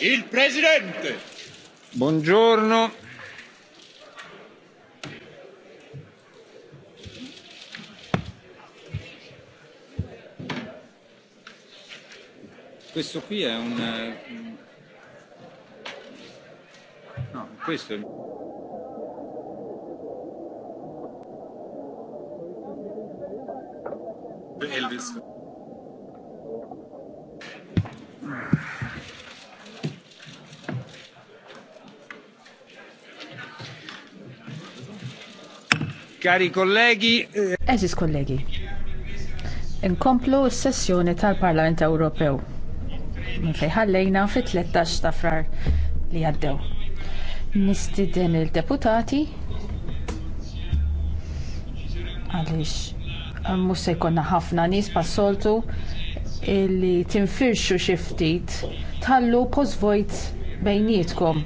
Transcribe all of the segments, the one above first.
Il Presidente. Buongiorno. Questo qui è un... Eh, no, questo è... Elvis. Kari kollegi. Eh, Eżis kollegi. Inkomplu s-sessjoni tal-Parlament Ewropew. Minfej ħallejna fit-13 ta' frar li għaddew. Nistidin il-deputati għaliex eh, mhux se jkollna ħafna nies pas-soltu illi tinfirxu xi ftit tħallu post vojt bejnietkom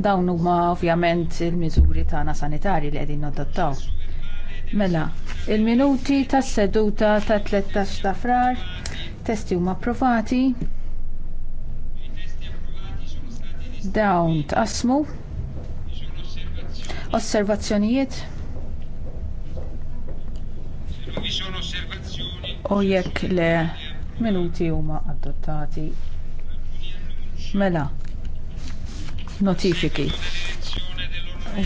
Dawn huma ovvjament il-miżuri tagħna sanitarji li qegħdin nadottaw. Mela, il-minuti tas-seduta ta' 13 ta' frar, testi huma approvati. Dawn tqasmu. Osservazzjonijiet. U jekk le minuti huma adottati. Mela, notifiki.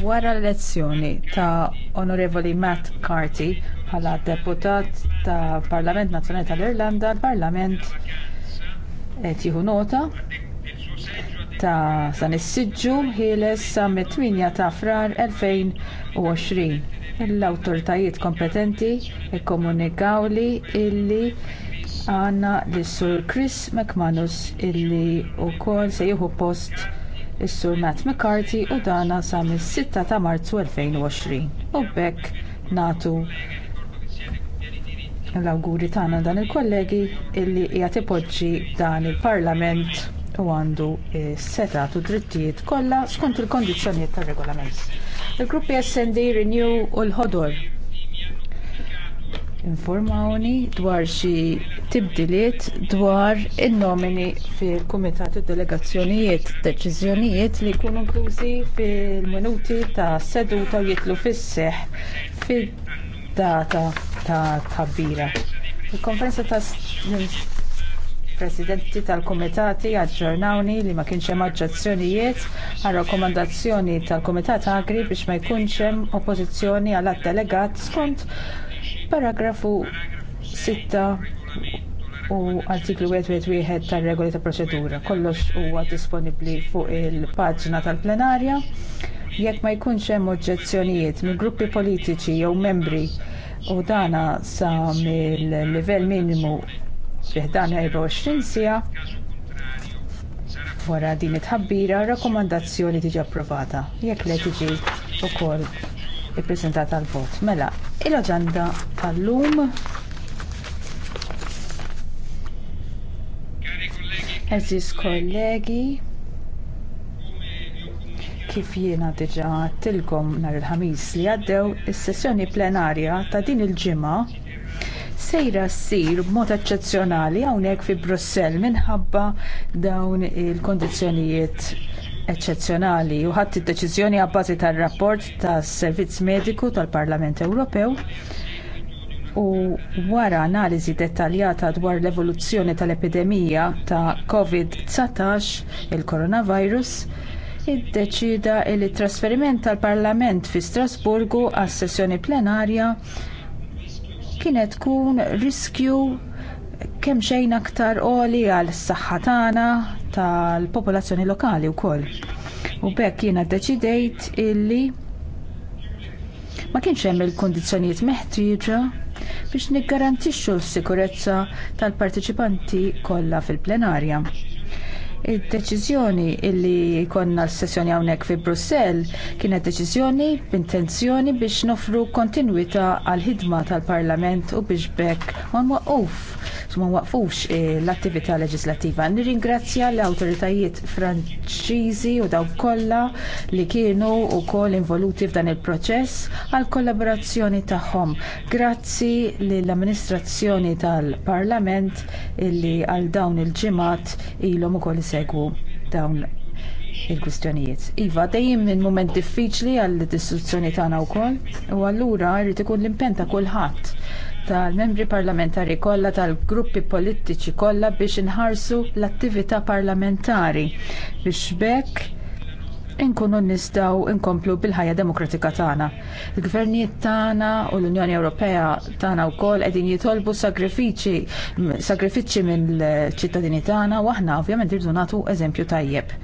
Wara l-elezzjoni ta' Onorevoli Matt Carty bħala deputat ta' Parlament Nazzjonali tal-Irlanda, l-Parlament qed jieħu nota ta' san is ħieles sa mit-8 ta' frar 2020. L-awtoritajiet kompetenti ikkomunikaw li illi għandna lis sur Chris McManus illi wkoll se jieħu post is-Sur Nat McCarthy u dana sa mis-6 ta' Marzu 2020. U b'hekk nagħtu l-awguri tagħna dan il-kollegi illi qiegħed ipoġġi dan il-Parlament u għandu seta u drittijiet kollha skont il-kondizzjonijiet tar-regolament. Il-gruppi SD Renew u l-ħodor informawni dwar xi tibdiliet dwar in-nomini fil-kumitat u delegazzjonijiet deċiżjonijiet li jkunu inklużi fil-minuti ta' seduta jitlu fis-seħħ fid-data ta' tabbira. Il-konferenza ta' presidenti tal-kumitati aġġornawni li ma kienx hemm aġġazzjonijiet għal rakkomandazzjoni tal-Kumitat Agri biex ma jkunx hemm oppożizzjoni għal delegat skont Paragrafu 6 u artiklu 1 tar-regoli ta' proċedura. Kollox huwa disponibbli fuq il-paġna tal-plenarja. Jekk ma jkunx hemm oġġezzjonijiet mill gruppi politiċi jew membri u dana sa mill-livell minimu fih dan 24 sija, wara din it-ħabbira rakkomandazzjoni tiġi approvata jekk le tiġi wkoll ippreżentata għal vot. Mela, il-aġenda tal-lum. Eżis kollegi, kif jiena diġa tilkom nhar il-ħamis li għaddew is-sessjoni plenarja ta' din il-ġimgħa sejra ssir b'mod eċċezzjonali hawnhekk fi Brussell minħabba dawn il kundizzjonijiet eċċezzjonali u ħadd id-deċiżjoni għabbażi tar-rapport tas-Servizz Mediku tal-Parlament Ewropew u wara analiżi dettaljata dwar l-evoluzzjoni tal-epidemija ta' COVID-19 il-coronavirus iddeċida li t trasferiment tal-Parlament fi Strasburgu għas sessjoni plenarja kienet tkun riskju kemm xejn aktar għoli għal saħħa tagħna, tal-popolazzjoni lokali wkoll. U bekk jiena ddeċidejt illi ma kienx hemm il-kundizzjonijiet meħtieġa biex niggarantixxu s-sikurezza tal-partiċipanti kollha fil-plenarja. Id-deċiżjoni illi konna s-sessjoni hawnhekk fi Brussell kienet deċiżjoni b'intenzjoni biex nofru kontinwità għal ħidma tal-Parlament u biex bekk ma nwaquf ma waqfux eh, l-attività leġislattiva. Nirringrazzja l-awtoritajiet Franċiżi u dawk kollha li kienu wkoll involuti f'dan il-proċess għal kollaborazzjoni tagħhom. Grazzi lill-amministrazzjoni tal-Parlament illi għal dawn il-ġimgħat ilhom ukoll is jissegwu dawn il-kustjonijiet. Iva, dejjem minn moment diffiċli għall istituzzjoni tagħna wkoll, u allura jrid ikun l-impenn ta' kulħadd tal-membri parlamentari kollha tal-gruppi politiċi kollha biex inħarsu l-attività parlamentari biex bekk inkunu nistaw inkomplu bil-ħajja demokratika tagħna. Il-gvernijiet tagħna u l-Unjoni Ewropea tagħna wkoll qegħdin jitolbu sagrifiċi sagrifiċċi mill-ċittadini tagħna u aħna ovvjament irdu nagħtu eżempju tajjeb.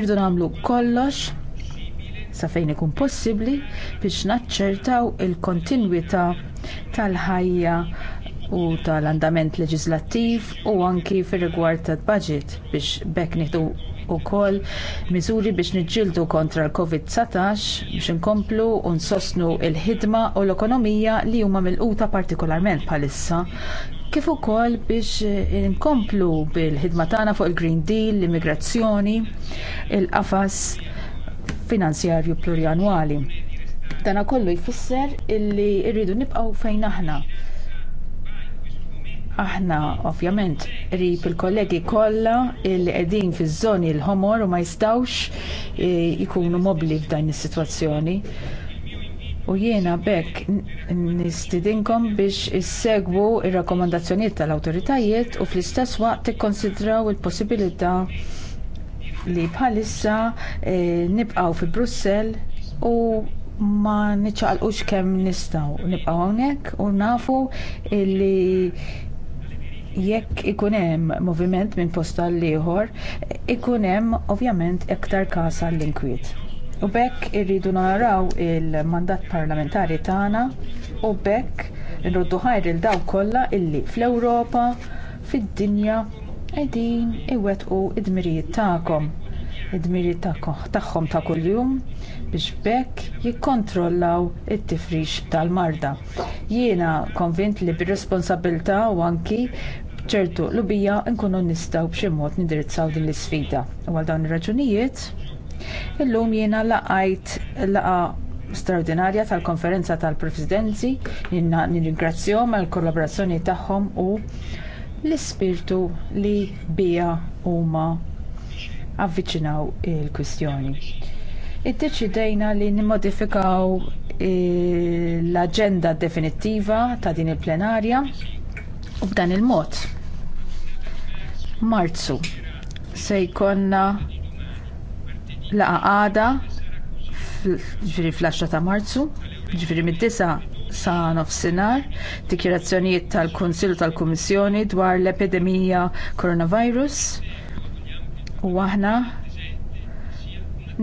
Irdu nagħmlu kollox sa fejn ikun possibbli biex naċċertaw il-kontinwità tal-ħajja u tal-andament leġislattiv u anki fir rigward tad budget biex bekk nieħdu ukoll miżuri biex niġġieldu kontra l-COVID-19 biex inkomplu u nsostnu l ħidma u l-ekonomija li huma mill-quta partikolarment bħalissa kif ukoll biex inkomplu bil-ħidma tagħna fuq il-Green Deal, l-immigrazzjoni, il-qafas finanzjarju plurianwali. Dana kollu jfisser illi rridu nibqgħu fejn aħna Aħna ovvjament rip il-kollegi kollha il qegħdin fiż-żoni l-ħomor u ma jistgħux ikunu e, mobli f'dan is-sitwazzjoni. U jiena bekk nistidinkom biex issegwu ir-rakkomandazzjonijiet tal-awtoritajiet u fl-istess waqt tikkonsidraw il-possibilità li bħalissa e, nibqgħu fi Brussell u ma niċċaqalqux kemm nistgħu nibqgħu hawnhekk u nafu li jekk ikun hemm moviment minn posta għal ieħor ikun hemm ovvjament iktar każ għall-inkwiet. U bekk irridu naraw il-mandat parlamentari tagħna u bekk irroddu ħajr il daw kollha illi fl-Ewropa, fid-dinja qegħdin iwettqu id-dmirijiet tagħkom id-dmiri tagħhom ta' kuljum biex bekk jikkontrollaw it-tifrix tal-marda. Jiena konvint li bir-responsabilità u anki ċertu lubija nkunu nistgħu b'xi mod nindirizzaw din l-isfida. U għal dawn ir-raġunijiet, illum jiena laqajt laqa straordinarja tal-konferenza tal-presidenzi, nirringrazzjom għall kollaborazzjoni tagħhom u l-ispirtu li bija huma avviċinaw il-kwistjoni. Iddeċidejna li nimmodifikaw eh, l-agenda definittiva ta' din il-plenarja u b'dan il-mod. Marzu se jkonna laqa għada ġifiri fl-10 ta' marzu, ġifiri mid-disa sa' nofsinar, dikjerazzjonijiet tal-Konsil tal-Kummissjoni dwar l-epidemija coronavirus u aħna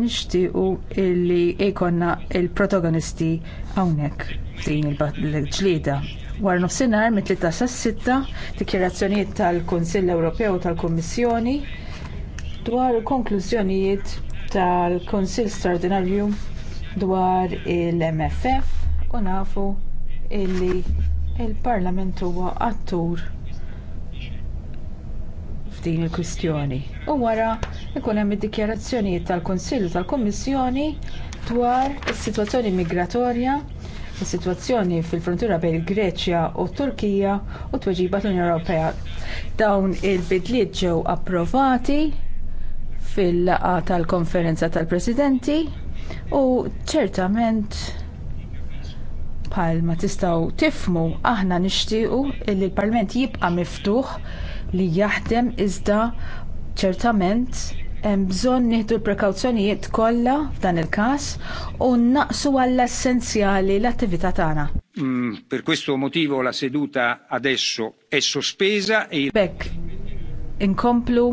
nixtiequ illi ikonna il-protagonisti hawnhekk din il-ġlieda. War nofsinhar mit-3 sa' 6 dikjerazzjonijiet tal-Kunsill Ewropew tal-Kummissjoni dwar il-konklużjonijiet tal-Kunsill Straordinarju dwar il-MFF u nafu illi il-Parlament huwa attur f'din il-kwistjoni. U wara ikun hemm id-dikjarazzjonijiet tal-Kunsill tal-Kummissjoni dwar is-sitwazzjoni migratorja, is-sitwazzjoni fil-frontura bejn il-Greċja u t Turkija u tweġiba l-Unjoni Ewropea. Dawn il-bidliet ġew approvati fil laqgħa tal-konferenza tal-presidenti u ċertament bħal ma tistaw tifmu aħna nixtiequ li l-Parlament jibqa' miftuħ li jaħdem iżda ċertament hemm bżonn nieħdu l-prekawzjonijiet kollha f'dan il-każ u naqsu għall-essenzjali l-attività tagħna. Mm, per questo motivo la seduta adesso è sospesa e Bekk inkomplu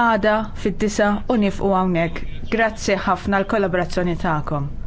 għada fid-disa u nifqu hawnhekk. Grazzi ħafna l-kollaborazzjoni tagħkom.